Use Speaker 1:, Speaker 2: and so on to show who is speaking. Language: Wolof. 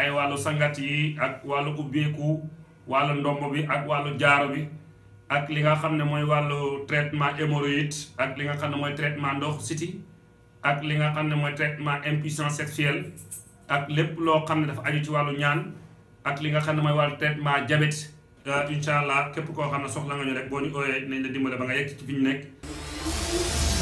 Speaker 1: ay wàllu sangat yi ak wàllu ubbeeku wàllu ndomb bi ak wàllu jaaro bi ak li nga xam ne mooy wàllu traitement hémorroïde ak li nga xam ne mooy traitement ndox siti ak li nga xam ne mooy traitement impuissance sexuelle ak lépp loo xam ne dafa aju ci wàllu ñaan ak li nga xam ne mooy wàllu traitement diabète euh, incha allah képp koo xam ne soxla nga ñu rek boo ñu ooyee nañ la dimbale ba nga yegg ci fi ñu nekk